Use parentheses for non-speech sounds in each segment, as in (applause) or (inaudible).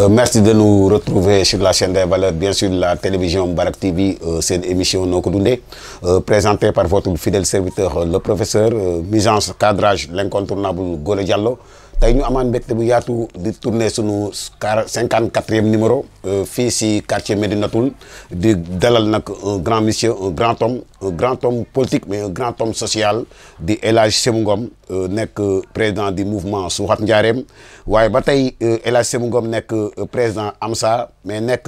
Euh, merci de nous retrouver sur la chaîne des valeurs, bien sûr la télévision Barak TV, Cette c'est une présentée par votre fidèle serviteur, euh, le professeur, euh, mise en cadrage, l'incontournable Gore Diallo, nous ñu amaan sur bu tourner di tourner sunu numéro euh, fils du quartier Médinatoul di dalal un grand monsieur un grand homme un grand homme politique mais un grand homme social di El Hadj euh, président du mouvement Souhat Niarém Nous avons un président Hadj euh, président AMSA mais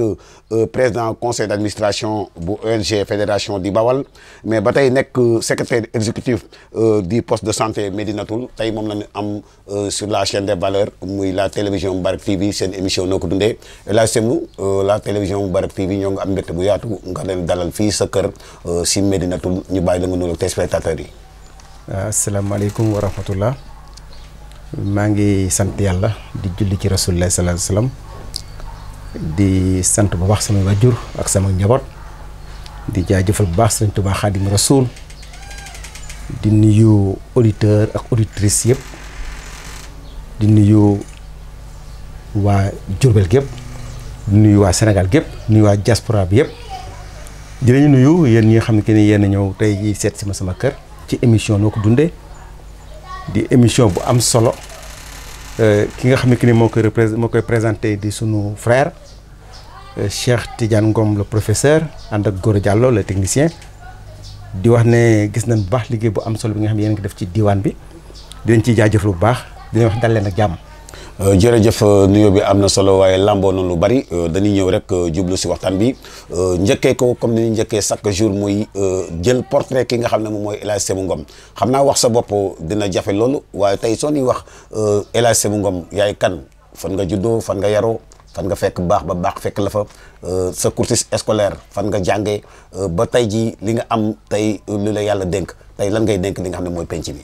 président conseil d'administration de l'ONG fédération di Bawal mais ba secrétaire exécutif du poste de santé Médinatoul tey est la sur la la chaîne des valeurs muy la télévision Moubarak TV seen émission noo ko dundee la semu la télévision Moubarak TV ñoo nga am mbégte bu yaatu nga leen dalal fii sa kër euh, si Médinatoul ñu bàyyi la nga nuyoog téléspectateurs yi. Ah, asalaamaaleykum wa rahmatullah maa ngi sant yàlla di julli ci rasulullah sallallahu alayhi wasallam di sant bu baax sama wajur ak sama njaboot di jaajëfal bu baax sëñ Tuubaa Xaadim Rasuul di nuyu auditeur ak auditrice yëpp. di nuyu wa jurbel gep di nuyu senegal gep di nuyu wa diaspora bi yep di lañu nuyu yeen ñi xamni xam ne yéen a ñëw yi set si ma sama kër ci émission noko dundé di émission bu am solo euh, ki nga xam ne ni moo koy moo koy di sunu frère euh, Cheikh Tidiane Ngom le professeur and ak Gora Diallo le technicien di wax ne gis nañ bu baax bu am solo bi nga xam yeen nga def ci diwan bi lañ ci jaajëfal lu baax di wax dal leen ak jàmm. Euh, jërëjëf euh, nuyoo bi am na solo waaye lamboo na lu bari euh, dañuy ñëw rek jublu si waxtaan bi njëkkee ko comme ni ñu njëkkee chaque jour muy jël portrait ki nga xam ne moom mooy El Hadj Sémou Ngom xam naa wax sa bopp dina jafe loolu waaye tey soo ñuy wax El Hadj Sémou Ngom yaay kan fan nga juddoo fan nga yaroo fan nga fekk baax ba baax fekk la fa sa cursus scolaire fan nga jàngee ba tey ji li nga am tey lu la yàlla denk tey lan ngay denk li nga xam ne mooy penc bi.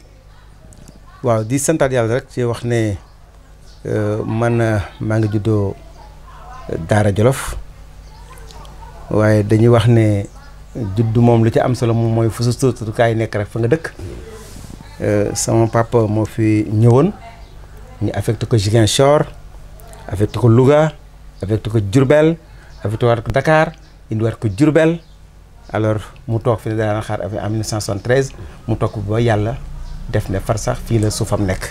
waaw di santaat yàlla rek ci wax ne euh, man euh, maa ngi juddoo euh, Daara Jolof waaye dañuy wax ne juddu moom lu ci am solo moom mooy fu sa sutukaay nekk rek fa nga dëkk sama papa moo fi ñëwoon ñu affecté ko Ziguinchor affecté ko Louga affecté ko Diourbel affecté waat ko indi indiwaat ko Diourbel alors mu toog fi ne daana xaar affaire en 1973 mu toog ba yàlla def ne far sax fi la soufam nek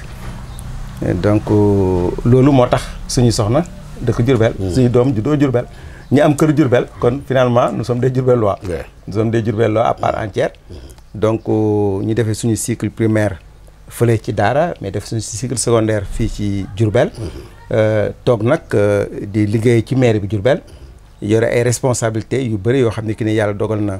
donc euh, lolu motax suñu soxna deuk jurbel hmm. suñu doom juddoo jurbel ñi am keur jurbel kon finalement nous sommes des loi nous sommes des loi à part hmm. entière hmm. donc euh, ñi defee suñu cycle primaire fële ci dara mais def suñu cycle secondaire fi ci euh tok nak euh, di liggéey ci maire bi jurbel yore ay responsabilités yu bari yo xam ki ne yalla dogal na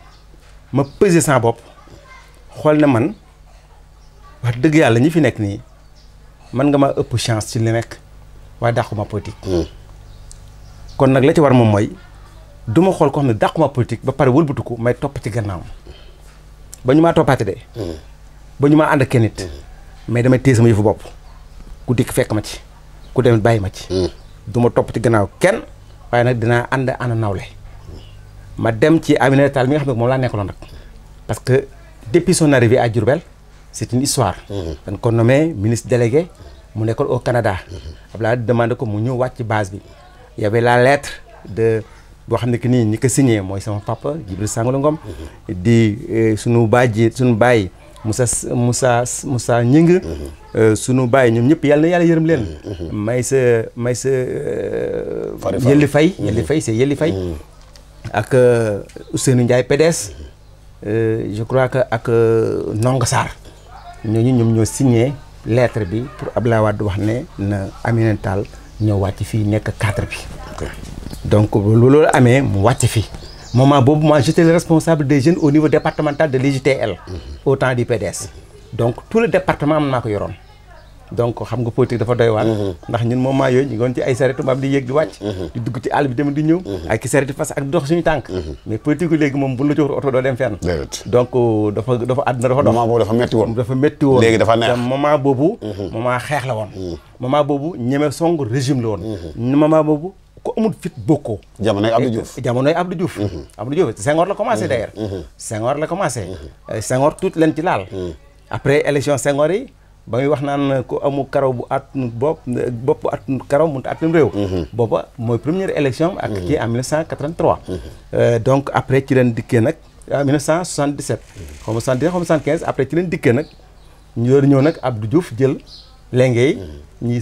ma peser sa bopp xool ne man wax dëgg yàlla ñi fi nekk nii man nga ma ëpp chance ci li nekk waaye dàquma politique. Hmm. kon nag la ci war moom mooy du ma xool ko xam ne dàquma politique ba pare wëlbatiku may topp ci gannaawam ba ñu maa toppaate de. Hmm. ba ñu maa ànd kenn nit hmm. mais damay téye sama yëfu bopp ku dikk fekk ma ci ku dem bàyyi ma ci. du ma topp ci gannaaw kenn waaye nag dinaa ànd ana nawle. ma dem ci Aminata Tall mi nga xam ne moom laa nekkaloon rek parce que depuis son arrivée à Djourbel c' est une histoire. Mhm. dañ ko nommé ministre délégué mu nekkoon au Canada. Mhm. Abdoulaye demandé ko mu ñëw wàcc base bi. y avait la lettre de boo xam ne que nii ñi ko signé mooy sama papa Djibril Sangolo Ngom. Mhm. di euh, sunu baaji sunu baay Moussa Moussa Moussa Ñing. Euh, sunu baay ñoom ñëpp yàlla na yàlla yërëm leen. may sa may sa. Yelli euh, Faye Yelli Fay c' est Yelli Fay. ak euh, Ousseynou Ndiaye PDS euh, je crois que ak euh, Ndongo Sarr ñooñu ñoom ñoo signé lettre bi pour Abdoulaye Wade wax ne na Aminata tal ñoo wàcc fii nekk cadre bi. donc loolu amee mu wàcc fii moment boobu moi j'étais le responsable des jeunes au niveau départemental de l'UJTL. Mhm. au temps du PDS. donc tout le département am naa ko yoroon. donc xam nga politique dafa doy waar mm-hmm. ndax ñun moment yooyu ñu ngoon ci ay saretu mbaam di yéeg di wàcc mm-hmm. di dugg ci àll bi dem di ñëw ak ki saretu fas ak dox suñu tànk mm-hmm. mais politique léegi moom bu la joxul oto doo dem fenn donc dafa dafa àdduna dafa dox moment boobu dafa métti woon dafa métti léegi dafa neex moment boobu moment xeex la woon moment boobu ñeme song régime la woon moment boobu ko amul fit bokkoo. jamonoy Abdou Diouf jamonoy Abdou Diouf. Abdou Diouf la commencé d'ailleurs. Senghor la commencé. Senghor euh, tuuti leen ci laal. après élection Senghor yi. ba muy wax naan ku amul karaw bu at bopp bopp at karaw mënut a rew mhm. boba moy première élection ak mhm. ki en 1983. Mhm. Euh, donc après ci len dikkee nak en 1977. 1975, 75 après ci len dikkee nak ñu yor ñëw nag Abdou Diouf jël léngay ñuy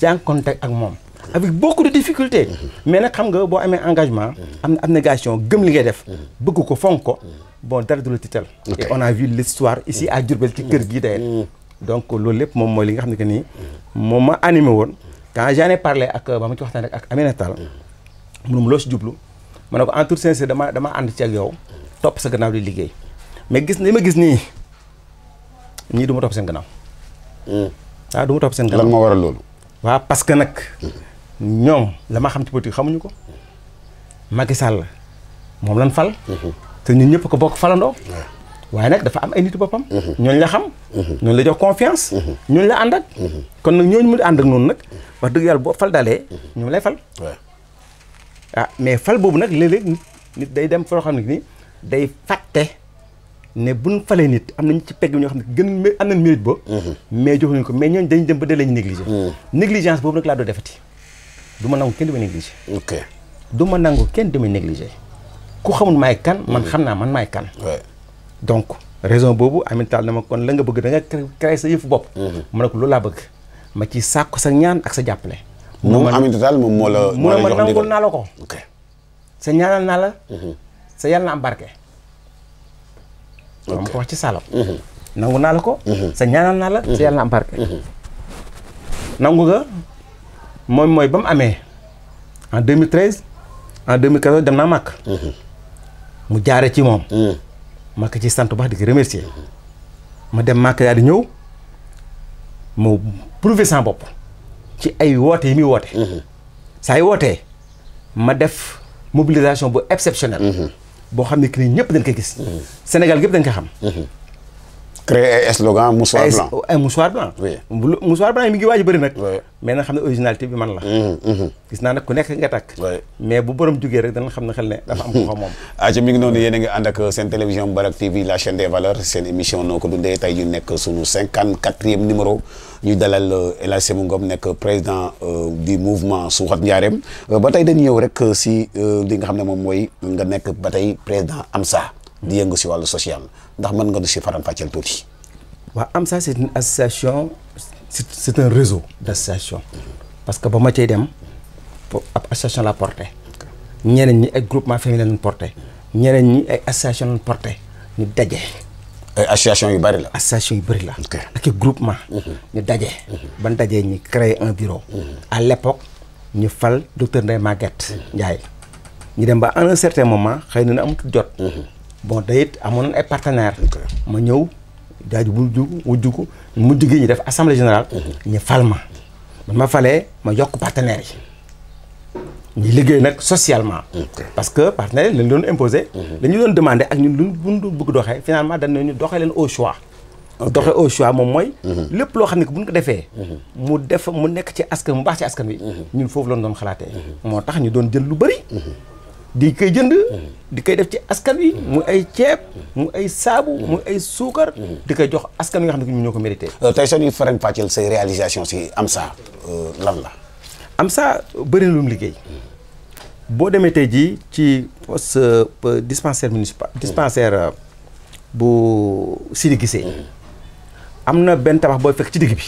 jànkonte ak mom avec beaucoup de difficultés. mais nak xam nga bo amé engagement. am abnégation gëm li ngay def. bëgg ko fonko bon dara du la et on a vu l'histoire ici à Djourbel ci kër gi d'ailleurs. donc loolu lépp moom mooy li nga xam ne que nii moom ma animé woon quand j'en ai ak ba ma ci waxtaan rek ak Aminata Tall munum loo si jublu ma ne ko en toute sincérité dama dama ànd ci ak yow topp sa gannaaw di liggéey mais gis li ma gis nii ñii du ma topp seen gannaaw waaw hmm. ah, du ma topp seen gannaaw lan moo waral loolu waaw parce que nag hmm. ñoom la ma xam ci politique xamuñu ko hmm. Macky la moom lan fal te ñun ñëpp ko bokk falandoo waaye nag dafa am ay nitu boppam. Mhm. ñooñu la xam. Mhm. ñooñu la jox confiance. Mhm. ñooñu la ànd ak. kon nag ñooñu mu ànd ak noonu nag wax dëgg yàlla boo fal dalee. ñoom lay fal. ah mais fal boobu nag léeg-léeg nit day dem foo xam ne nii day fàtte ne buñ falee nit am nañu ci pegg ñoo xam ne gën am nañ mérite ba. mais joxuñu ko mais ñooñ dañ dem ba dalee ñu négligé. négligence boobu nag laa doon defati du ma nangu kenn du ma négligé. ok nangu kenn du ma négligé ku xamul maay kan man xam naa man maay kan. donc raison boobu aminta Tall na ma kon la nga bëgg da nga créer sa yëfu bopp. Mhm. ma ne ko loolu laa bëgg ma ci sàkku sa ñaan sa jàppale. moom Amine moo la. moo la jox nangul naa la ko. sa ñaanal naa la. Mhm. sa yàlla na am barke. ok ko ci saalam. Mhm. nangu naa la ko. sa ñaanal naa la. sa yàlla na barke. nangu nga moom mooy ba mu amee en 2013 en 2014 dem naa màkk. mu jaare ci moom. ma ko ci sant baax di ko remercier ma dem Màkka daal di ñëw mu prouver sans bopp ci ay woote yi muy woote. Mhm. saa yu wootee ma def mobilisation bu exceptionnelle. Mhm. boo xam ne que ni ñëpp dañ koy gis. Mhm. Sénégal gépp dañ ko xam. créer ay slogan mouchoir blanc un mouchoir blanc. oui mouchoir blanc yi mi ngi waaj a bëri mais na xam originalité bi man la. Mm, mm. gis naa nag ku nekk nga takk. mais bu borom jugee rek dana xam ne xel ne dafa am ko fa moom. aca (laughs) mi ngi noonu yéen a ngi ak seen télévision Mbarak TV la chaîne des valeurs seen émission noo ko dundee tey ñu nekk sunu cinquante quatrième numéro. ñu dalal euh, El Hadj Ngom nekk président euh, du mouvement Suuxat Njaareem euh, ba tey dañu ñëw rek si li nga xam ne moom mooy nga nekk ba tey président AMSA c'est une association c'est, un réseau d'associations, parce que ba ma association la porté ni ay groupement famille Il ni ay association Nous porter. ñu association yu bari association yu bari la. ak groupement. Mhm. ñu mhm. ban un bureau. Mhm. à l'époque ñu fal docteur Maguette un certain moment on na bon d'ailleurs amon est partenaire partenaires. ma ñëw jaaju bu wujj ko mujj gi def assemblée générale. Mhm. ñu falma ma. man ma falee ma yokk partenaire yi. ñu liggéey socialement. parce que partenaire yi lañ doon imposer. dañu mhm. doon demandé ak ñun luñ buñ bëgg doxee finalement dans ñu doxee leen au choix. doxee au choix moom mooy. Mhm. lépp loo xam ne bu ñu ko defee. mu def mu nekk ci askan mu baax ci askan wi. ñun nous lañ doon xalaatee. moo tax ñu doon jël lu bëri. di koy jënd. Hmm. di koy def ci askan wi. Hmm. mu ay ceeb hmm. mu ay saabu. mu ay suukar. di koy jox askan wi nga xam ne ñoo ko mérité. Euh, tey soo ñuy faram fàcceel say réalisation si saa euh, lan la. AMSA bëri na lu mu liggéey. boo demee tey jii ci poste euh, dispensaire municipal. dispensaire bu Sidi Gisee. am na benn tabax booy fekk ci digg bi.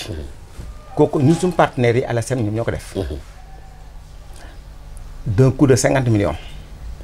kooku ñun suñu partenaires yi à la SEM ñoom ñoo ko def. d'un coût de cinquante million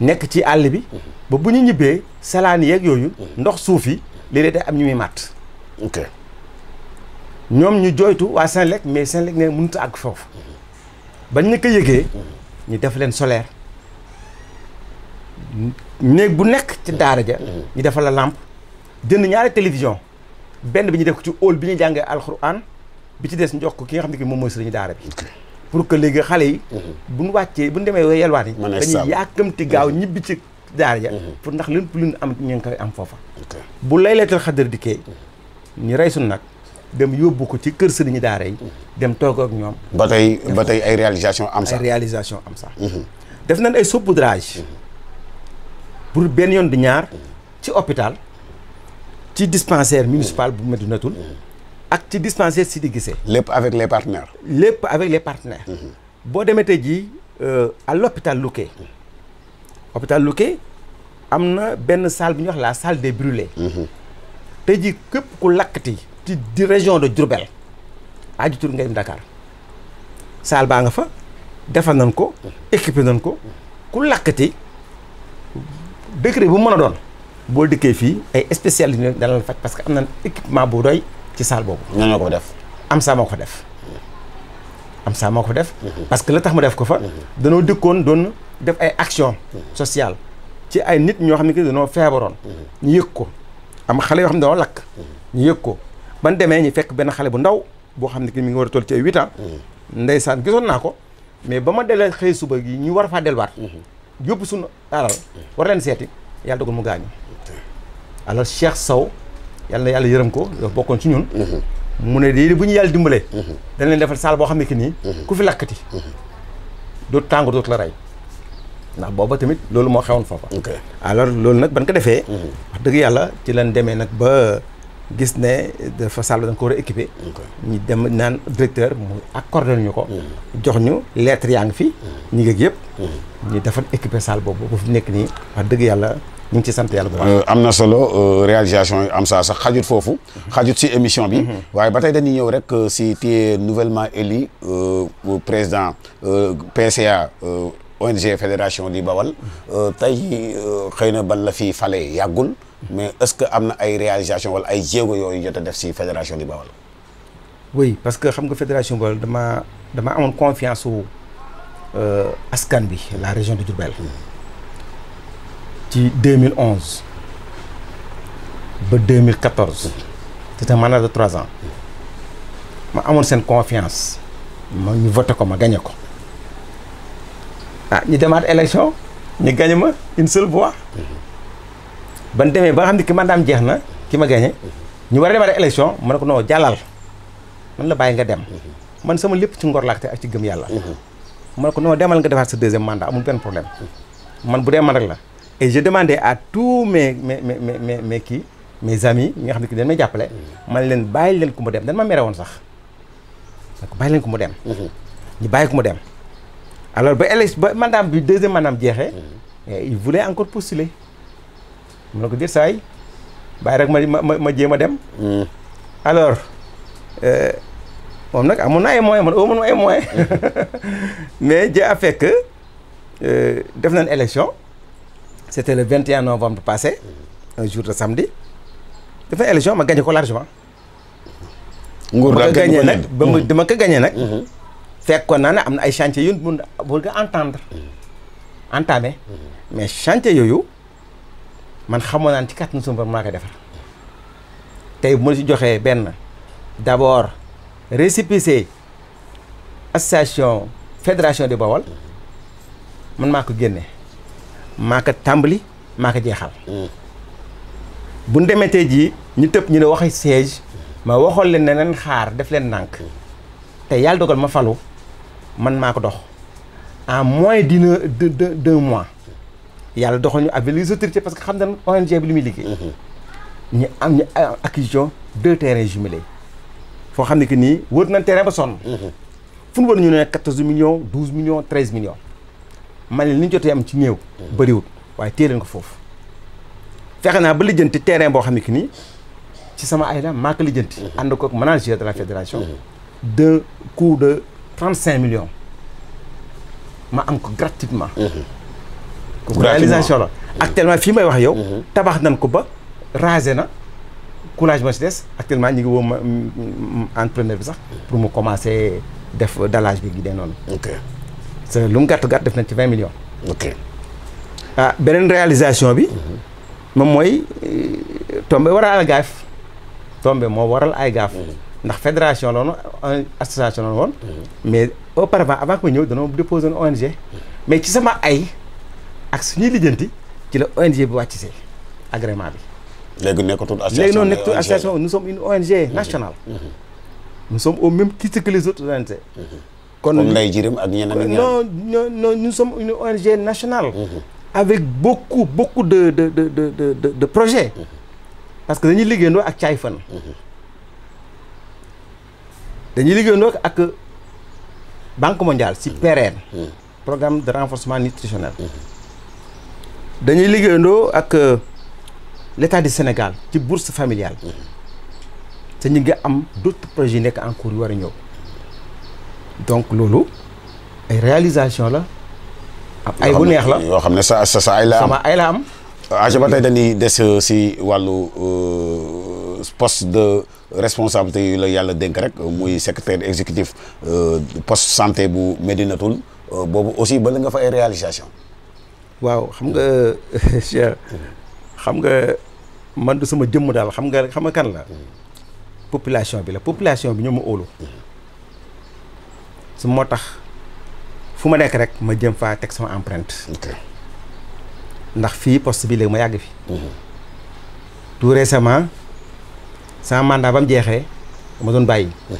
nekk ci àll bi ba bu ñu ñibbee salaan yeeg yooyu ndox suuf yi léeg-léeg day am ñu muy màtt ñoom ñu jooytu waa Senelec mais Senelec ne mënut foofu bañ ñu ko ñu def leen solaire néeg bu nekk ci daara ja ñu defal la lampe jënd ñaari télévision benn bi ñu def ko ci hall bi ñu jàngee alxuraan bi ci des ñu ko ki nga xam ne ki moom mooy sëriñu daara bi pour que léegi xale yi mhm. bu ñu wàccee bu ñu demee yelwaati dañuy yàkkamti gaaw mhm. ñibbi ci daar ya mhm. pour ndax leen lu ñu am ñu ngi koy am foofa bu lay laylatul xadar dikkee ñu rey suñu nag dem yóbbu ko ci kër sëriñu daara yi dem toog ak ñoom ba tey ba tey ay réalisation am sax réalisation am sax def nañ ay saupoudrage pour benn yoon di ñaar ci hôpital ci dispensaire municipal bu Medinatoul ak ci si tu gisee. avec les partenaires. lépp avec les partenaires. Mhm. boo demee tey euh, à l'hôpital Luque. Mhm. hôpital Luque amna Ben salle bu wax la salle des brûlés. Mhm. tey jii képp ku lakkati ci di région de Diourbel à du dem Dakar salle ba nga fa défa nañ ko équipé nañ ko ku lakkati décret bu mëna a bo boo fi ay spécialistes dana la parce que amna équipement bu doy. ci saal boobu. ñoo ko def. am saa moo ko def. am saa ko def. Mhm. parce que la tax ma def ko fa. Mhm. danoo dëkkoon doon def ay action mhm. sociale ci ay nit ñoo xam ne que danoo feebaroon. ñu yëg ko am xale yoo xam ne dañoo lakk. ñu yëg ko ban demee ñu fekk benn xale bu ndaw boo xam ne que mi ngi war a toll ci ay huit ans. ndeysaan gisoon naa ko mais ba ma delee xëy suba gi ñu war faa delluwaat. yóbbu suñu alal war leen seeti yàlla dogal mu gaañu. alors Cheikh Sow. yàlla yàlla yërëm ko yow bokkoon ci ñun mhm. mu ne lii bu ñu yàlla dimbalee mhm. dañ leen defal saal boo xam ne nii mhm. ku fi lakkati dootu tàngoor dootu la rey ndax booba tamit loolu moo xewoon foofa alors loolu nag ban ko defee wax dëgg yàlla ci leen demee nag ba gis ne dafa salle dañ ko war a équipé ñu dem naan directeur mu accordé ñu ko jox ñu lettre yaa ngi fi ñu ngi yëpp ñu defar équipé salle boobu bu fi nekk nii wax dëgg yàlla Il ngi ci réalisation am émission bi mhm. rek euh, nouvellement élu euh, président euh, PCA ONG fédération di Bawal y a ban fi falé yagul mais est-ce que amna ay réalisation wala ay fédération di Bawal oui parce que xam nga fédération Bawal dama dama confiance euh askan la région de Diourbel mhm. ci 2011 ba 2014 c'était un mandat de 3 ans ma amone sen confiance ma ñu voté ko ma gagné ko ah ñi demaat élection ñi gagné ma une seule voix ban démé ba xamni xam ne ki mandaam jeex na ki ma gagné ñu wara démat élection ma ko no jàllal man la bay nga dem man sama lepp ci ngor laakte ak ci gëm yalla ma ko no démal nga défar sa deuxième mandat amul ben problème man bu man rek la et j'ai demandé à tous mes mes mes mes mes mes amis qui nga je leur ki man Je dem ma mhm. alors ba deuxième madame, mhm. eh, il voulait encore postuler. Je dire ça Je rek ma mhm. alors je euh, suis amoon na (laughs) mais je a que euh, def une élection c'était le 21 novembre passé un jour de samedi dafa élection ma gagné ko largement. nguur daal gagné ku dama ko gagné nag. Mhm. fekkoon naa ne ay chantiers yu mun entendre. Mhm. Mhm. mais chantier yooyu man xamoon naan ci kàttanu suñu borom maa koy defar tey bu ma si d'abord récépissé association fédération de Bawol man vais ko si ko maka jeexal. Hmm. bu ñu tepp ñu siège ma waxol leen dit xaar def de nank té Et dogal ma falu man mako dox en moins d'une de deux mois yàlla doxal ñu les autorités parce que xam nañ ONG bi limi faire. ñi am deux terrains jumelés Il xamni savoir que terrain ba hmm. ñu millions 12 millions 13 millions man li ñu jotee am ci néew bëriwul waaye téye leen ko fofu fexe na ba lijjanti terrain bo xam ne ci sama ay la maa ko and ko ak manager de la fédération. Mhm. de coût de 35 millions ma am ko gratuitement. Mhm. ko réalisation la. actuellement fi may wax yow. Mhm. tabax nañ ko ba rasé na. coulage ma ci dess actuellement ñi ngi wom mm, mm, entrepreneur bi sax pour mu commencer def dallage bi gi non noonu lu mu gatt gatt def na ci 20 millions. ok ah benen réalisation bi. mom mhm. moy euh, tomber waral ay gaaf. tombe moo waral ay gaf mhm. ndax fédération lono euh, association lono won mhm. mais auparavant avant que ñeu dañu déposer une ONG. mais ci sama ay ak suñu lijjanti ci la ONG bi wàcc see agrément bi. léegi nekkatul association léegi noonu nekkatul association nous sommes une ONG nationale. nous sommes au même titre que les autres ONG non nous sommes une ONG nationale. Mm-hmm. avec beaucoup beaucoup de de de de de de projets. Mm-hmm. parce que nous Nous ak caay nous mm-hmm. dañuy avec banque mondiale c'est PRN. programme de renforcement nutritionnel. nous liggéeyandoo avec euh, l'État du Sénégal la bourse familiale. nous avons d'autres projets qui en cours donc loolu ay réalisation la. ay bu neex la yo xam sa sa sa ay la sama ay la am. ah ba dañi dess euh, ci walu euh poste de responsabilité yu la yalla denk rek muy secrétaire exécutif euh poste santé bu Médinatoul euh, bobu aussi ba la nga fa ay réalisation waaw xam nga (laughs) cher xam nga man du sama jëm dal xam nga xam nga kan la. Mm. population bi la population bi ñoo olo c'est pour ça que je suis rek ma jëm faa teg sama empreinte ndax que poste bi léegi ma yàgg fi mhm. tout récemment sama mandat ba mu jeexee ma doon bàyyi mhm.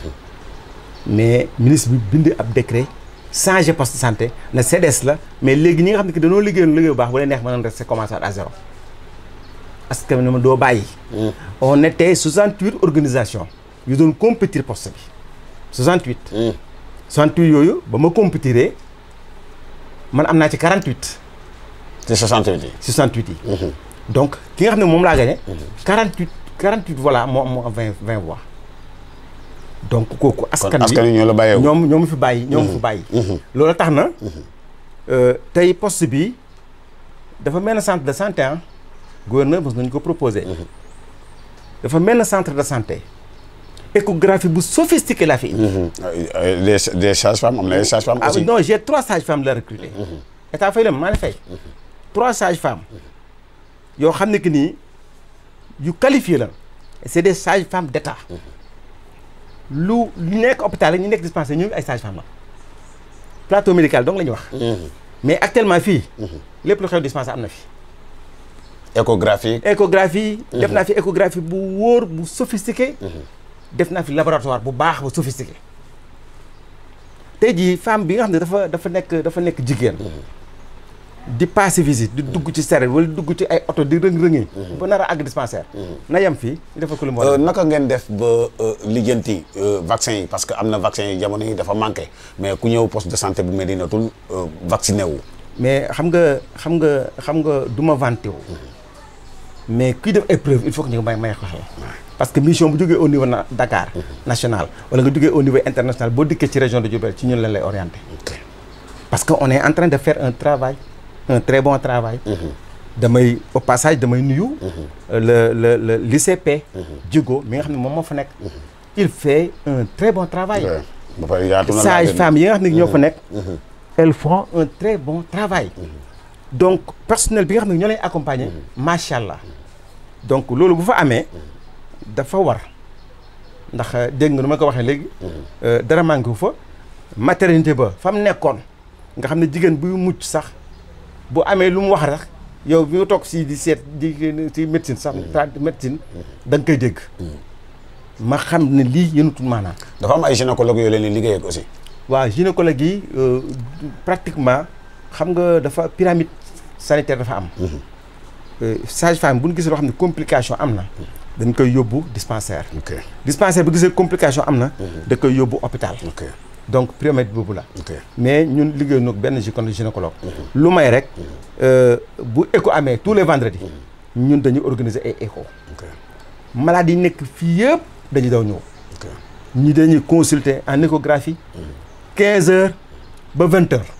mais ministre bi bind ab décret changé poste de santé le CDS la mais léegi ñi nga xam ne que dañoo liggéeyoon liggéey bu baax bu leen neex mën nañ rester commencer à zéro parce que ma doo bàyyi mhm. on était 68 organisations yu doon compétir poste bi 68 68 yooyu ba ma compétiré man am ci 48. ci 68 yi. 68 -hmm. donc ki nga xam gagné. 48 mhm. 48 voilà moo moo 20 20 voix. donc kooku askan wi askan wi ñoo la bàyyeewu ñoom ñoo fi bàyyi ñoo fi mhm. bàyyi. Mhm. loolu tax na. Euh, tey poste bi dafa mel centre de santé ah gouverneur mos nañu ko proposé. dafa mel ne centre de santé échographie bu sophistiquée la fi des mhm. euh, des sages-femmes am sages-femmes ah aussi. non j'ai trois sages-femmes recrutées recruter. Mhm. et fay le maa la mhm. trois sages-femmes Yo ont ne que yu qualifié là c'est des sages-femmes d'État. lu l'unique hôpital ni nek dispensaire ñu ay sages-femmes plateau médical donc les ñu wax. mais actuellement fille le plus xew dispensaire à neuf fi. échographie. échographie def fi échographie bu wóor bu sophistiquée. def naa fi laboratoire bu baax ba sophistiqué tey jii femme bi nga xam ne dafa dafa nekk dafa nekk jigéen. Mm-hmm. di passé visite di mm-hmm. dugg ci seret wala dugg ci ay oto di rëng-rëngi mm-hmm. ba nar a àgg dispensaire na yem fii dafa ko lu moo euh, naka ngeen def ba euh, lijjanti euh, vaccin yi parce que am na vaccin yi jamono yi dafa manqué mais ku ñëw poste de santé bu Médinatoul vacciné wu mais xam nga xam nga xam nga du ma vanté wu mais kii def ay preuve il faut ñu may may xel parce que mission bu jógee au niveau na Dakar mhm. national wala nga jógee au niveau international bo diké ci région de Diourbel ci ñun lañ lay orienter parce qu'on est en train de faire un travail un très bon travail mhm. damay au passage damay nuyu mhm. le le le l'ICP Djigo mi nga xam mom il fait un très bon travail sage femmes yi nga xam ñoo elles font un très bon travail donc personnel bi nga xam ne accompagner donc loolu bu fa dafa war ndax euh, dégg nga nu ma ko waxee léegi. Mm-hmm. Euh, dara manqué wu fa. maternité ba fa mu nekkoon nga xam ne jigéen buy mucc sax bu amee lu mu wax rek yow bi nga toog si di seet di si médecine sax. Mm-hmm. médecine mm-hmm. da nga koy dégg. ma xam ne lii yënutul maanaam. dafa am ay gynécologue yoo leen di liggéey ak waa waaw gynécologue yi euh, pratiquement xam nga dafa pyramide sanitaire dafa am. sage femme bu nu gisee loo xam ne complication am na. dañ koy yóbbu dispensaire. dispensaire bu gisee complication am na. Mhm. da koy yóbbu hôpital. donc priorité boobu la. mais ñun liggéey noog benn gynécologue. Mhm. lu may rek mhm. euh, bu écho amee tous les vendredis. ñun dañuy organiser ay écho. malades yi nekk fii yëpp dañuy daw ñëw. ñi dañuy consulter en échographie. 15 heures ba 20 heures.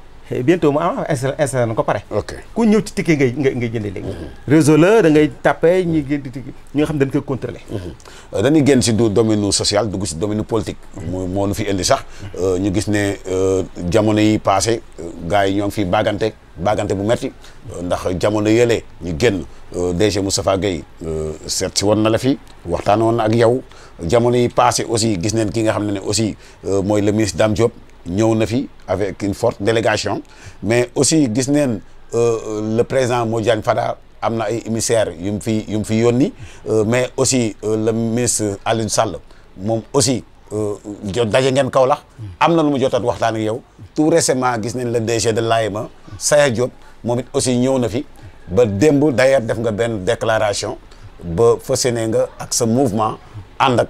Eh, bientôt mu am installé na ko pare. ku ñëw ci ticket ngay ngay ngay mhm. réseau la da ngay tàppee ñi di ñi nga xam dañ koy contrôler. Mhm. Euh, dañuy génn si du domaine social dugg si domaine politique. moo moo nu fi indi sax euh, ñu gis ne euh, jamono yi passé gars yi ñoo ngi fi baagante baagante bu metti ndax jamono yële ñu génn DG Moustapha Gueye seet si woon na la fi waxtaan woon ak yow jamono yi passé aussi gis neen ki nga xam ne ne aussi mooy le ministre Dame Diop. ñëw na fi avec une forte délégation mais aussi gis neen euh, euh, le président Modiane Fada amna ay émissaires yum fi yum fi yoni euh, mais aussi le ministre Alioune Sall mom aussi jot daje ngeen kaw la amna lu mu jotat waxtaan ak yow tout récemment gis le DG de l'AEMA Saya Diop moom aussi ñëw na fi ba démb d'ailleurs def nga ben déclaration ba fas yéene nga ak ce mouvement anda ak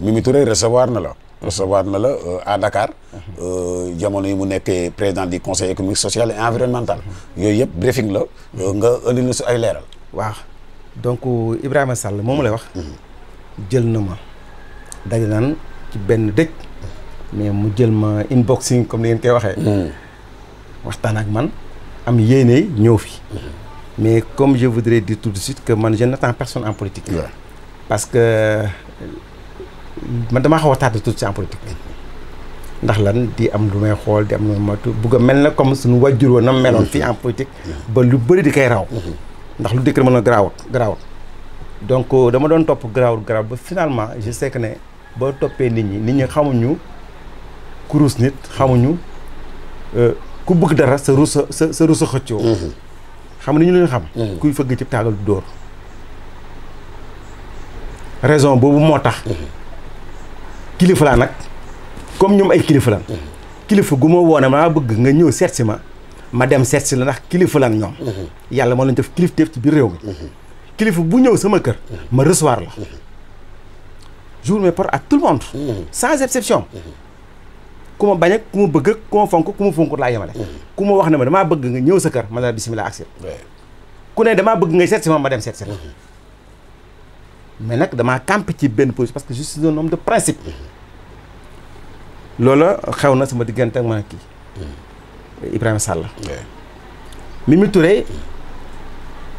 Mimi recevoir na la. recevoir na la euh, à Dakar. Mhm. Euh, jamono yi mu nekkee président du conseil économique social et environnemental. Mhm. yooyu un briefing la. Mhm. Euh, nga indi na si ay leral. donc Ibrahima Sall moom lay wax. jël na ma. daje naan ci benn mais mu jël ma inboxing comme ni ngeen koy waxee. man am yéene ñëw mais comme je voudrais dire tout de suite que man je n'attends personne en politique. parce que. man damaa xaw a tardé tuuti si en politique ndax lan di am lu may xool di am lu may moytu bugg mel na comme suñu wàjjur woon na meloon fii en politique ba lu bari di koy raw ndax lu dëkk mën a garaawut garaawut donc euh, dama doon topp garaawut garaaw ba finalement je sais ne boo toppee nit ñi nit ñi xamuñu kurus nit xamuñu euh, ku bëgg dara sa rus sa sa rus a xëccoo mhm. xam ni ñu leen xam mhm. kuy fëgg ci taagal du dóor raison boobu moo tax mhm. kilifa laa comme ñoom ay kilifa lan kilifa woné ma bëgg nga ñëw ma dem seet la ndax kilifa mhm. def kilif des ci bir mhm. kilifa bu ñëw sama kër mhm. ma recevoir la jour mais à tout le monde sans exception kuma bañ ak suis bëgg ak kuma fonk fonk wax ma bëgg nga ñëw sa kër ma bismillah ku bëgg mais nak dama camp ci ben position parce que je suis un homme de principe loola xewna sama digent ak maa kii mm-hmm. Ibrahima Sall Mimi Touré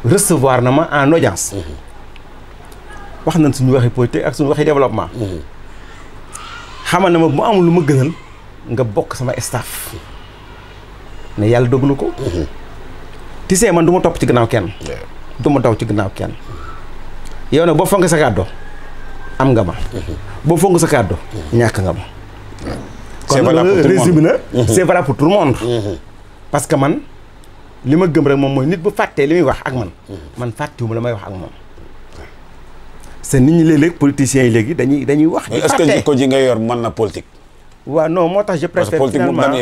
recevoir na ma en audience mm-hmm. wax nañ suñu waxi politique ak suñu waxi développement mm-hmm. xamal na ma bu amul lu ma gënal nga bok sama staff ne yalla dogalu tissé man duma top ci gënaaw kenn duma daw ci gënaaw kenn yow nag boo fonk sa kàddu am nga ma mhm. boo fonk sa kàddu mhm. ñàkk nga ma kon résumé na mhm. c'est valable pour tout monde parce que man li ma gëm rek moom mooy nit bu fàttee li muy wax ak man man fàttewuma la may wax ak moom c'est nit ñi léeg-léeg léegi dañuy dañuy wax di fàtte est-ce que jikko ji yor mën na politique waaw non moo tax je préfère finalement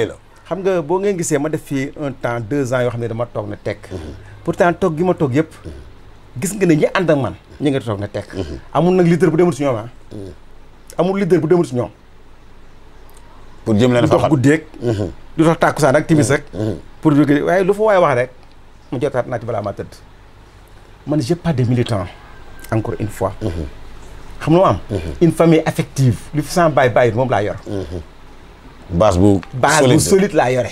xam nga boo ngay gisee ma def fii un temps deux ans yoo xam ne dama toog na pour pourtant toog gi ma toog yëpp gis nga ne ñi ànd ak man ñi nga toog ne tekk mhm. amul nag leader bu demul si ñoom ah mhm. amul leader bu demul si ñoom pour jëm leen fa dox guddeeg mhm. du dox tàkkusaan ak timis rek pour jóge waaye lu fa waaye wax rek mu jotaat naa ci balaa maa tëdd man j'ai pas de militants encore une fois xam nga am une famille affective lu fi sama bàyyi bàyyi moom laa yor base bu base bu solide laa yore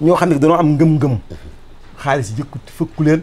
ñoo xam ne danoo am ngëm-ngëm xaalis yëkkut fëkku leen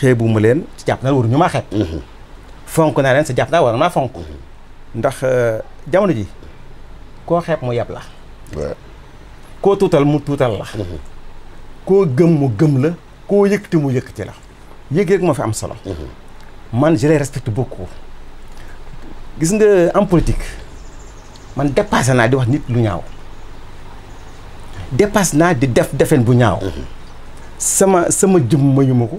xeebuma leen si jàpp naa ñu maa xeeb mhm. fonk naa leen sa jàpp naa war maa fonk mhm. ndax euh, jamono ji koo xeeb mu yab la koo tuutal mu tuutal la mhm. koo gëm mu gëm la koo yëkkati mu yëkkati la yëg rek moo fi am solo man je les respecte beaucoup gis nga en politique man dépassé naa di wax nit lu ñaaw dépassé naa di def defen bu ñaaw sama sama jëm mayuma ko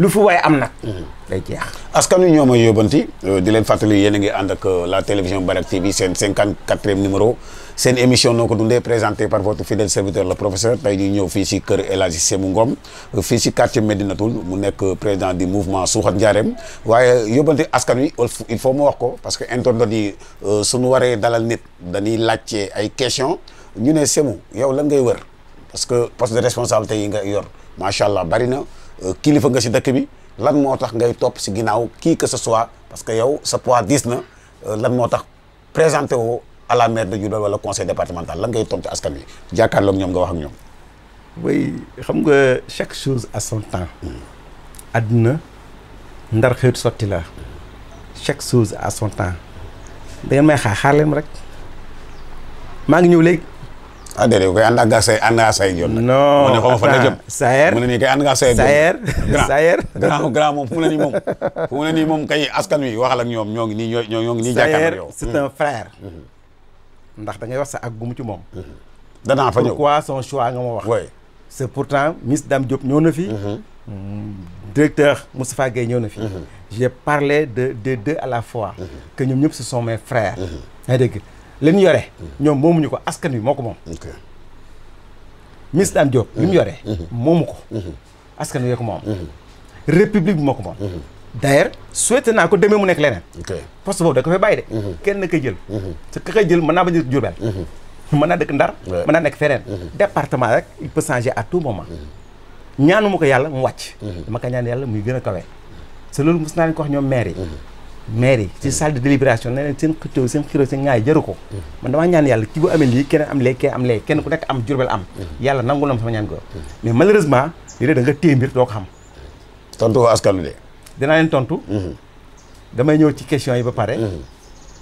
lu fu way am nak mm. day jeex. askan wi ñoo ma euh, di leen fàttali yene ngi ak euh, la télévision Barak TV sen 54e numéro sen émission noko dundé présenté par votre fidèle serviteur le professeur tay ñu ñew fi ci cœur El Hadji Ngom euh, fii quartier Medinatoul mu nekk président du mouvement Suuxat Njaareem waye yobanti askan wi il faut mo wax ko parce que internautes di suñu waré dalal nit dañuy laccé ay question ñu ne Sémou yow lan ngay wër parce que poste de responsabilité yi nga yor machallah allah bari na. Euh, kilifa nga si dëkk bi lan moo tax ngay topp si ginnaaw kii que ce soit parce que yow sa poids diis na euh, lan moo tax présenté woo à la maire de Diourbel wala conseil départemental lan ngay tontu askan wi jàkkaarloog ñoom nga wax ak ñoom. way xam nga chaque chose à son temps. Hmm. àdduna ndar xëyut sotti la chaque chose à son temps da ngeen may xaar xaar leen rek maa ngi ñëw léegi. c'est hmm. un frère. son choix c'est pourtant Miss Dame Diop hmm. Hmm. directeur j'ai parlé de deux à la fois. que nous sommes sont mes frères. li ñu yore ñoom moomuñu ko askan wi moo ko moom Miss Dame Diop li yore mhm. Mhm. moomu ko mhm. askan wi ko moom république bi moo ko moom d'ailleurs souhaité naa ko demee mu nekk leneen poste boobu da ko fay bàyyi de kenn na koy jël te ka koy jël mën naa ba jël Diourbel mën naa dëkk Ndar mën naa nekk feneen département rek il peut changer à tout moment ñaanu ma ko yàlla mu wàcc dama ko ñaan yàlla muy gën a kawe te loolu mos naa leen ko wax ñoom maire maire yi ci salle de délibération ne leen seen xëccoo seen xiroo jaru ko man damaa ñaan yàlla ki ko amee lii keneen am lee kee am lee kenn ku nekk am jurbel am yàlla nangu na sama ñaan ko mais malheureusement léeg-léeg da nga téye mbir doo ko xam tontu ko askan wi de dinaa leen tontu mhm. damay ñëw ci question yi ba pare mhm.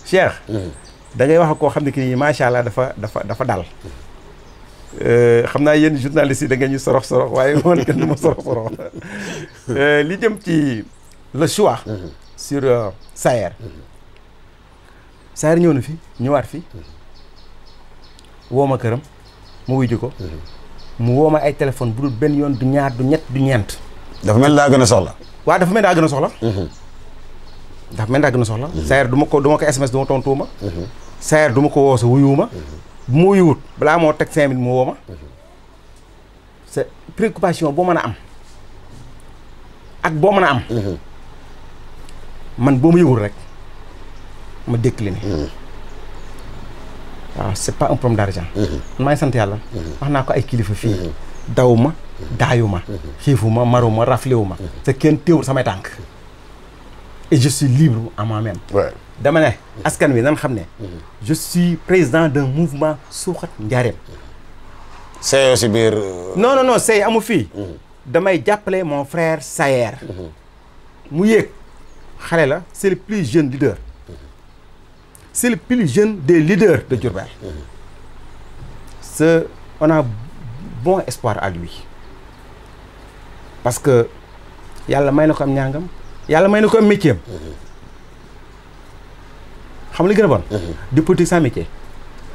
Cheikh mhm. wax koo xam ne ki macha allah dafa dafa dafa dal euh, xam naa yéen journaliste da ngeen ñu sorox sorox waaye (laughs) ma sorox sorox euh, li jëm ci le choix sur euh, Saer mhm. Saer ñëw na fi ñëwaat fi mhm. woo ma këram ma wuyu ko mhm. mu woo ma ay téléphone bu dul benn yoon du ñaar du ñett du ñeent dafa mel daa gën a soxla waa dafa mel daa gën a soxla dafa mel daa gën a soxla Saer du ma ko du ma ko SMS du tontuwuma Saer du ko woo sa wuyuwuma bu ma wuyuwut balaa moo teg cinq minutes mu woo sa préoccupation boo mën a am ak boo mën a am man bo ma rek ma décliné. waaw mm-hmm. ah, c'est pas un problème d'argent. Mm-hmm. maa ngi sant yàlla. Mm-hmm. wax naa ko ay kilifa fii. daw ma daayu ma. xiifu ma maru ma raflewu ma. te kenn teewul samay tànk. et je suis libre à moi-même. dama né askan wi nan xamné je suis président d'un mouvement soukhat njaareem. c'est aussi bir euh, non non non c'est amu fii. damay jàppale mon frère Sayer. -hmm. mu yéeg c'est c'est le plus jeune leader C'est le plus jeune des leaders de Durban. ce on a bon espoir à lui parce que Yalla mayna comme ko am ñangam Yalla mayna ko am métier am xam li gëna bon di politique sans métier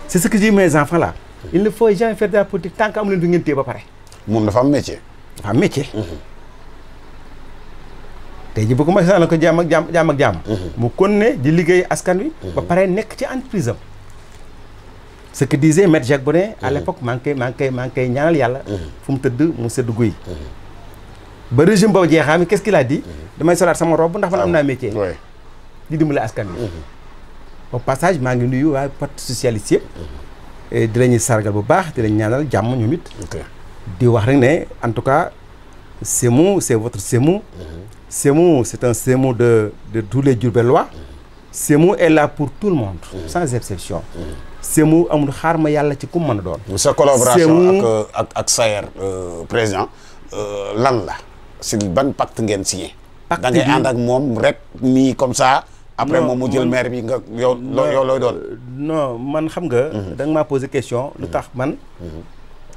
c'est ce que j'ai mes enfants là il ne faut jamais faire de la politique tant que ne leen du ngeen mon ba paré mom dafa am métier dafa am métier tey ji bu ko Macky Sall ko jaam ak jaam jaam ak jaam mhm. mu konné di liggéey askan wi ba mhm. paré nek ci entreprise ce que disait Maître Jacques Bonnet à mhm. l'époque maa ngi koy ñaanal yalla fu mu tëdd mu sedd guy ba régime ba jeexaa qu'est-ce qu'il a dit damay solaat sama robe ndax man amna ah. métier di dimbali askan wi au passage maa ngi nuyu wa parti socialiste yëpp di lañu sargal bu baax di lañu ñaanal jàmm ñoom it di wax rek ne en tout cas c'est mon c'est votre c'est mon mon, c'est un mon de, de tous les C'est mon est là pour tout le monde, sans exception. Semou amul xaar ma yàlla ci ku mën a doon. sa collaboration ak avec, euh, ak Sayer euh, président euh, lan la le ban pacte ngeen signé. pacte que ngay ànd ak moom rek nii comme ça. après moom mu jël maire bi nga yo loo yow non man xam nga. Mhm. da nga maa posé question le tax man. Mhm.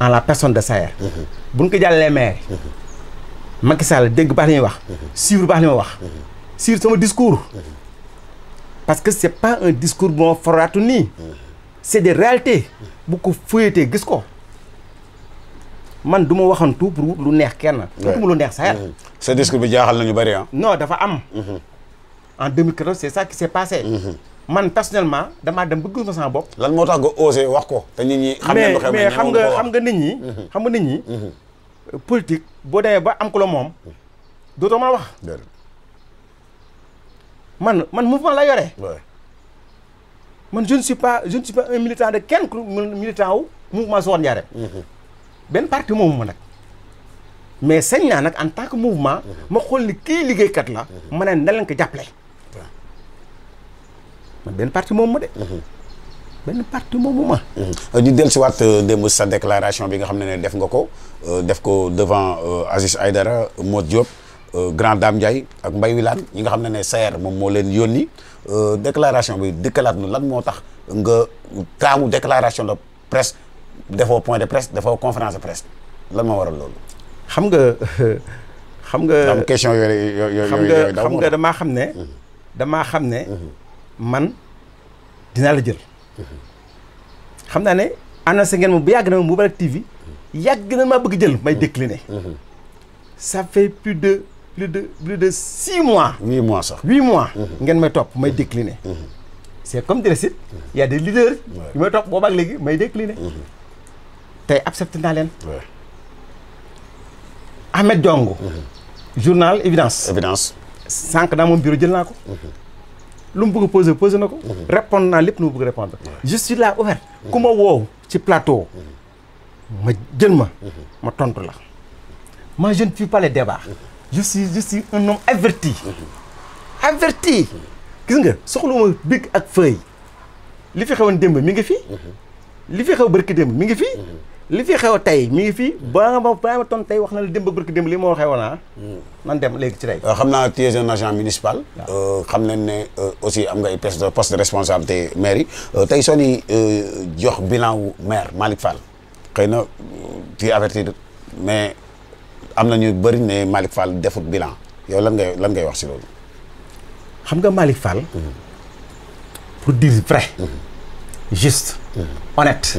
en la personne de Sayer. Mhm. bu ñu ko les maire. Mhm. Macky Sall dégg baax li ñuy wax. Mhm. suivre baax li ma wax. suivre discours. parce que c'est pas un discours bon ma ni, c'est des réalités. beaucoup ko fuyatee gis ko. man du ma tout pour lu neex kenn. waaw lu neex Sayer. sa discours bi jaaxal nañu bari ah. non dafa am. en 2014 c'est ça qui s'est passé. man personnellement damaa dem ba gis nga sama bopp. lan moo tax nga oose wax ko. te nit ñi xam nañ xam nga xam nga nit ñi. Mhm. xam nga nit ñi. Mhm. boo demee ba am ko la moom mhm. dootoo ma wax. man man mouvement la yore. man je ne suis pas je ne suis pas un militant de kenn ku militant wu mouvement Soxna Ndiarème. benn parti moomu ma nag. mais sañ naa nag en tant que mouvement. ma xool ni kii kat la. ma ne na leen ko jàppale. C'est parti de. mon mhm. parti ma. Mhm. ñu de euh, mon sa déclaration bi nga xamné def nga ko euh, def devant euh, Aziz Aydara, Modjob, Grand Dame j'ai, ak Mbaye Wilane ñi nga xamné déclaration bi lan motax nga déclaration de presse defoo point de presse conférence de presse lan waral lolu xam nga (laughs) xam nga. xam nga man dina la jël xam naa ne bu na TV na bëgg décliné ça fait plus de plus de plus de six mois huit mois sax huit mois mhm. ngeen may topp may mhm. décliné mhm. c'est comme sites, il y a des leaders yu may topp boobaak léegi may décliné tey accepté naa leen Ahmed Dongo. journal évidence évidence sànq dans mon bureau lu mu poser poser nako répondre na lepp mhm. répondre naa répondre. je suis là ouvert mhm. ku ma woow ci plateau. Mhm. ma djel ma. ma tontu la. moi je ne fuis pas les débats. je suis je suis un homme averti. averti. gis nga soxluma big ak feuy li fi xewoon démb mi ngi fi. li fi xew barki démb mi ngi fi. li fi xew tey mi ngi fi ba nga ma ton tey wax na la démb barki démb li moo xewoon ah. Hmm. nan dem léegi ci tey. Euh, xam naa tu es un agent municipal. Euh, xam nañ ne euh, aussi am nga ay poste de te maire yi tey soo ñuy jox bilan wu maire Malick Fall xëy na tu averti mais am na ñu bëri ne Malick Fall defut bilan yow la nga lan ngay wax si loolu. xam nga Malick Fall. Hmm. pour dire vrai. Hmm. juste honnête.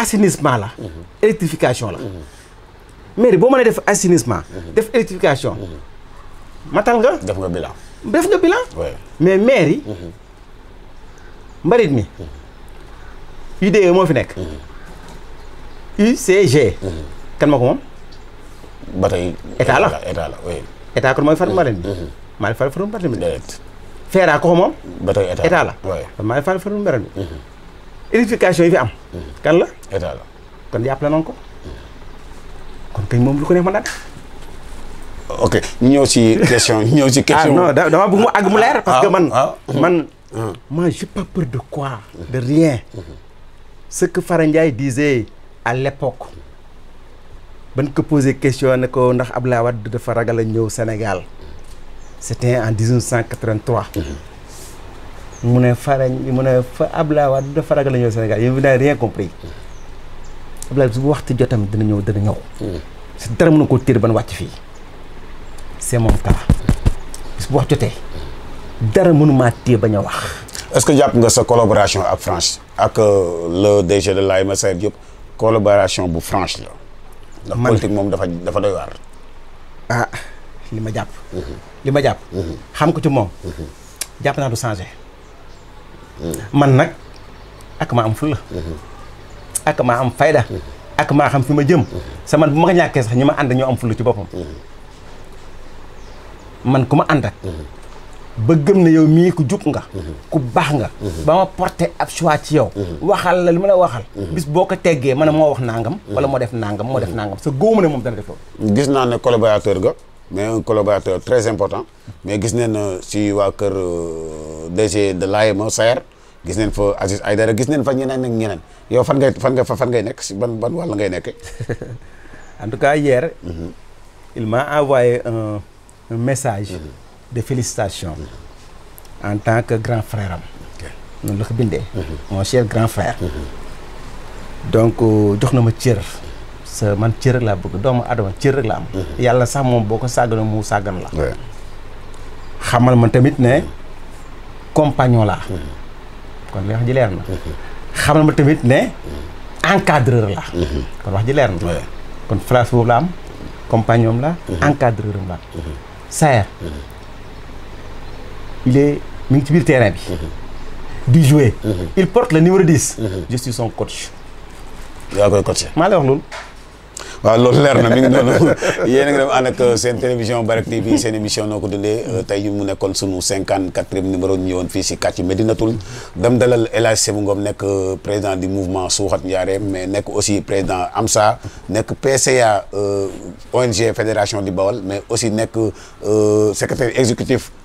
assainissement là, mhm. électrification mhm. Mais bon, boo me def assainissement mhm. def électrification Matanga, def bilan def bilan mais Mary, marie mi Idée fi UCG kan État là. état la Oui. état état la électrification yi fi am. Hmm. kan la état la. ok question ah, question. ah non parce que ah, man ah, man. moi j'ai pas peur de quoi. de rien. ce que Fara disait à l'époque ben que poser question ko ndax Abdoulaye Wade de ragal Sénégal c'était en 1983. mu ne farañ mu ne fa Abdoulaye Wade dafa ragal la ñëw Sénégal yéen vous n'avez rien compris Abdoulaye bu waxtu jotam dina ñëw dina ñëw. si dara mënu koo téer ban wàcc fii c'est moom kala bis bu wax jotee dara mënu maa téye bañ wax. est que jàpp nga sa collaboration ak France ak euh, le DG de l'AMS Saër Diop collaboration bu France la. ndax politique moom dafa dafa doy waar. Ah, li ma jàpp. Mhm. li ma jàpp. Mhm. xam ko ci moom. Mhm. jàpp naa du changé. man nag ak ma am fulla ak ma am fayda ak maa xam fi ma jëm sama bu ma ko ñàkkee sax ñi ma ànd ñoo am fulla ci boppam man ku ma ànd ak ba gëm ne yow mii ku jub nga ku baax nga ba ma porté ab choix ci yow waxal la li ma la waxal bis boo ko teggee ma ne moo wax nangam wala moo def nangam moo def nangam sa góomu ne moom dana def loolu gis naa ne collaborateur ga mais un collaborateur très important mais si vous avez DG de l'AME SAER gis nañ fa Aziz Aïdara vous nañ fa ñeneen ak ñeneen yow fan ngay fan nga fan (laughs) en tout cas hier. Mhm. il m'a envoyé un message. Mhm. de félicitations. Mhm. en tant que grand frère am. noonu la mon cher grand frère. donc euh, jox nous ma sa man cër rek laa bëgg doomu adama cër rek la am mm-hmm. yàlla sax moom boo ko sàggana mu sàggan la xamal ma tamit ne compagnon laa mm-hmm. kon li wax ji na mm-hmm. xamal ma tamit ne encadreur la kon wax ji na kon place la am compagnon la encadreur mu la Saer il est mi ngi ci biir terrain bi di jouer il porte le numéro 10 je suis coach yaa koy coaché maa lay wax loolu waaw loolu na mi ngi (laughs) dem ak euh, télévision Barrack TV seen émission noo ko dundee euh, tey ji mu nekkoon sunu numéro de ñëwoon c'est si kàcc Medinatoul dem dalal El euh, président du mouvement Suuxat Njaareem mais nekk aussi président AMSA nekk PCA ONG fédération du Bawol mais aussi nekk secrétaire exécutif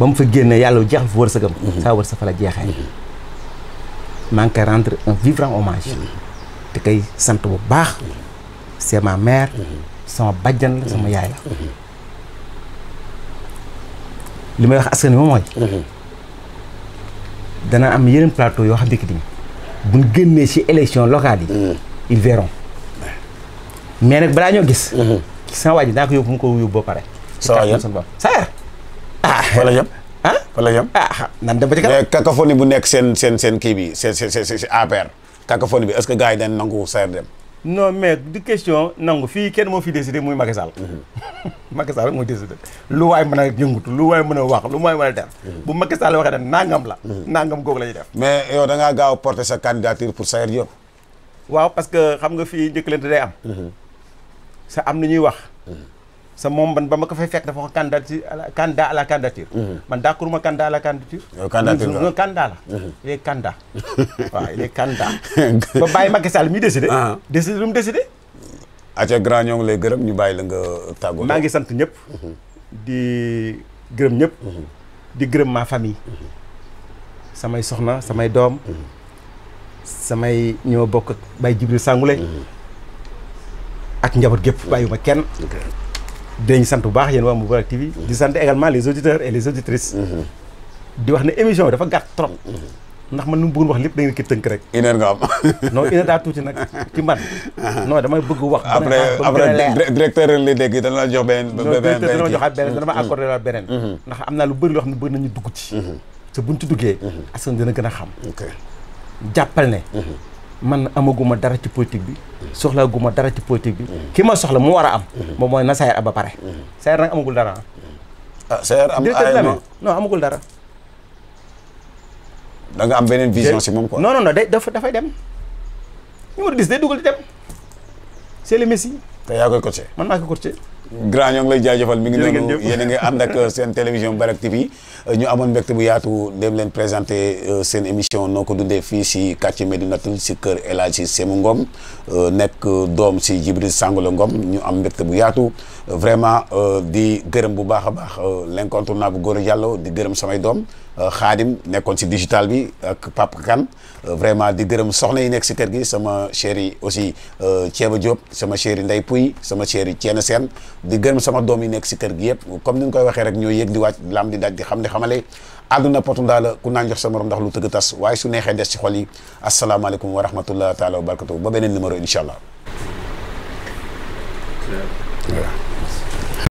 ba mu fa génnee yàlla jeexal fa mhm. wërsëgam saa wërsëg fa la jeexee mhm. maa ngi rendre un vibrant hommage mhm. te kay sant bu baax c'est ma mère sama bajjan la sama yaay la li may wax askan wi moom mooy dana am yeneen plateau yoo xam ne ni buñ génnee si élection locale yi ils verront mais nag balaa ñoo gis sama waa ji ko yóbbu mu ko yóbbu ba pare sa waay sa waay fa (laughs) yem. ah fa yem. ah nan dem ba ci kanam mais cacophonie bu nekk seen seen seen kii bi seen seen seen seen APR bi est-ce que gars yi dañ nangu Saer dem. non mais du question nangu fii kenn moo fi décidé muy Macky Sall. Mhm. (laughs) Macky Sall lu waay mën a yëngutu lu waay mën a wax lu waay mën a def. Mhm. bu Macky Sall waxee ne nangam la. Mhm. nangam googu la ñuy def. mais yow da gaaw porter sa candidature pour Saer Diop. waaw parce que xam nga fii njëkkalante day am. sa am na ñuy wax. sa mom ban bama ko fay fek dafa wax candidature candidat à la candidature. man d'accord ma candidat à la candidature. candidature la candidat la. il est candidat wa il est candidat. ba bay ma kessal mi décidé. décidé lum décidé a ca grand ñong lay gërem ñu bay la nga tagu ma ngi sant ñep di gërem ñep di gërem ma famille. Mhm. samay soxna samay dom mhm. samay ñoo bokk bay Jibril sangulé mhm. ak njabot gep bayuma kenn. dañ sant bu baax yéen waa Moubarak TV di sant également les auditeurs et les auditrices mm-hmm. di wax ne émission bi dafa gàtt trop mm-hmm. ndax man lu mu bëggoon wax lépp da ngeen tënk rek une heure nga am (laughs) tuuti nag ci man uh-huh. non damay bëgg wax après après de li dégg dana jox beneen dana ma joxaat beneen dana ma mm-hmm. accordé la beneen ndax am naa lu bëri loo xam ne bëgg nañu dugg ci te buñ ci duggee askan dina gën a xam jàppal ne man amaguma dara ci politique bi soxla guma dara ci politique bi ki ma soxla mu war a am moom mooy na Sayer ab ba pare Sayer nag amagul dara ah, am ay non amagul dara da am beneen vision si moom ko non non non day dafa dafay dem numéro 10 day dugal di dem c'est le Messi te yaa koy coaché man maa koy coaché grand ñoo lay jaajëfal mi ngi noonu yéen a ngi ànd euh, seen télévision Barak TV euh, ñu amoon mbégte bu yaatu dem leen présenté euh, seen émission noo ko dundee fii si quartier Médinatoul si kër El Hadji Sémou Ngom nekk doom si Djibril Sangola ngoom ñu am mbégte bu yaatu vraiment di gërëm bu baax a baax l'incontournable Gora Diallo di gërëm samay doom xaadim nekkoon si digital bi pap Pape euh, vraiment di gërëm soxna yi nekk si kër gi sama chéri aussi euh, Thieba Diop sama chéri Ndeye Pouy sama chéri Thiéna seen di gërëm sama doom yi nekk si kër gi yëpp comme ni ñu koy waxee rek ñoo yëg di wàcc lam di daj di xam ne xamale àdduna potundaa la ku naan jox sa morom ndax lu tëgg tas waaye su neexee des ci xol yi asalaamaaleykum wa rahmatullah taala wa barakatuh ba beneen numéro incha allah.